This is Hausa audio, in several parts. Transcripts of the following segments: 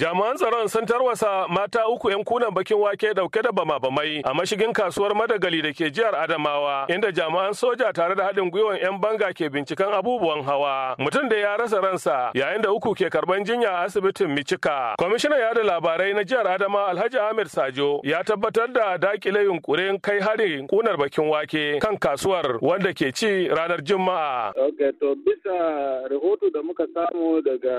Jami'an tsaron sun tarwasa mata uku 'yan kunan bakin wake dauke da bama-bamai a mashigin kasuwar Madagali da ke jihar Adamawa, inda jami'an soja tare da haɗin gwiwan 'yan banga ke binciken abubuwan hawa. Mutum da ya rasa ransa yayin da uku ke karban jinya a asibitin Micika. ya da labarai na jihar Adama Alhaji Ahmed Sajo ya tabbatar da dakile yunkurin kai hari kunar bakin wake kan kasuwar wanda ke ci ranar Juma'a. Ok, to bisa rahoto da muka samu daga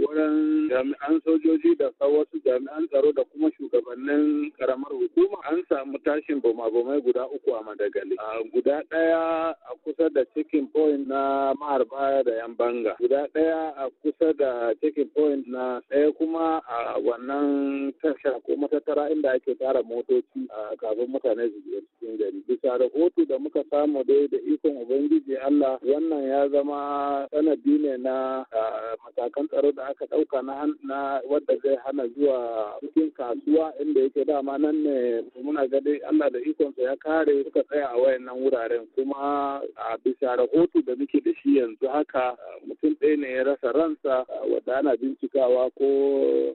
wurin jami'an sojoji da wasu jami'an tsaro da kuma shugabannin karamar hukuma an samu tashin bama guda uku a madagali guda ɗaya a kusa da cikin point na maharba da yan banga guda ɗaya a kusa da cikin point na ɗaya kuma a wannan tasha ko matattara inda ake tara motoci a kafin mutane su cikin gari bisa rahoto da muka samu dai da ikon ubangiji Allah wannan ya zama sanadi ne na matakan tsaro da aka ɗauka na wadda zai hana zuwa cikin kasuwa inda yake dama nan ne muna ga dai Allah da ikonsa ya kare suka tsaya a wayannan wuraren kuma a bisa rahoto da muke da shi yanzu haka mutum ɗaya ne ya rasa ransa wadda ana bincikawa ko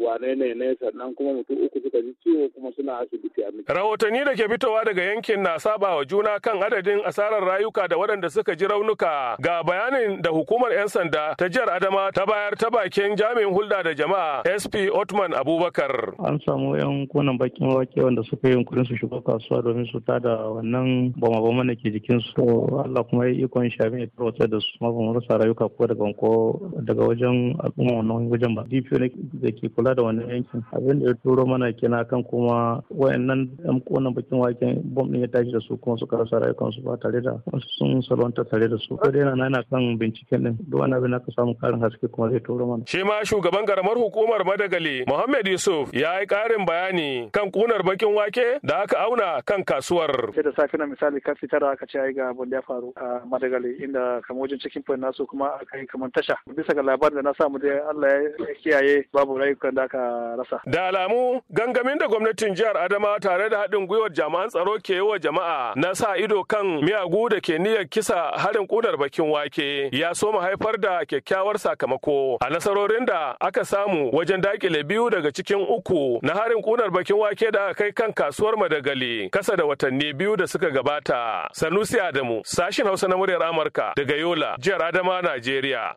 wane ne ne sannan kuma mutum uku suka ji ciwo kuma suna asibiti a Rahotanni da ke fitowa daga yankin na saba wa juna kan adadin asarar rayuka da waɗanda suka ji raunuka ga bayanin da hukumar 'yan sanda ta jihar Adama ta bayar ta bakin jami'in hulɗa da jama'a SP Otman Abubakar. An samu 'yan kunan bakin wake wanda suka yi yunkurin su shiga kasuwa domin su tada wannan bama-bama da ke su Allah kuma ya ikon shafin ya tarwatsar da su ma ba mu rasa rayuka ko daga daban ko daga wajen al'umma wannan wajen ba dpo ne da ke kula da wannan yankin abin da ya turo mana kina kan kuma wayannan yan konan bakin waken bom din ya tashi da su kuma suka rasa rayukansu ba tare da sun salwanta tare da su ko dai na kan binciken din duk wani abin ka samu karin haske kuma zai turo mana shi ma shugaban karamar hukumar madagali muhammad yusuf ya yi karin bayani kan kunar bakin wake da aka auna kan kasuwar sai da safe na misali karfe tara aka ce ga abin da ya faru a madagali inda kamar wajen cikin point nasu kuma aka kamar tasha bisa ga labarin da na samu dai Allah ya kiyaye babu rayukan da aka rasa da alamu gangamin da gwamnatin jihar Adama tare da haɗin gwiwar jami'an tsaro ke yi wa jama'a na sa ido kan miyagu da ke niyyar kisa harin kunar bakin wake ya so mu haifar da kyakkyawar sakamako a nasarorin da aka samu wajen dakile biyu daga cikin uku na harin kunar bakin wake da aka kai kan kasuwar madagali kasa da watanni biyu da suka gabata sanusi adamu sashin hausa na muryar amurka daga yola jihar adama najeriya Yeah.